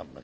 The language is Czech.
Amen.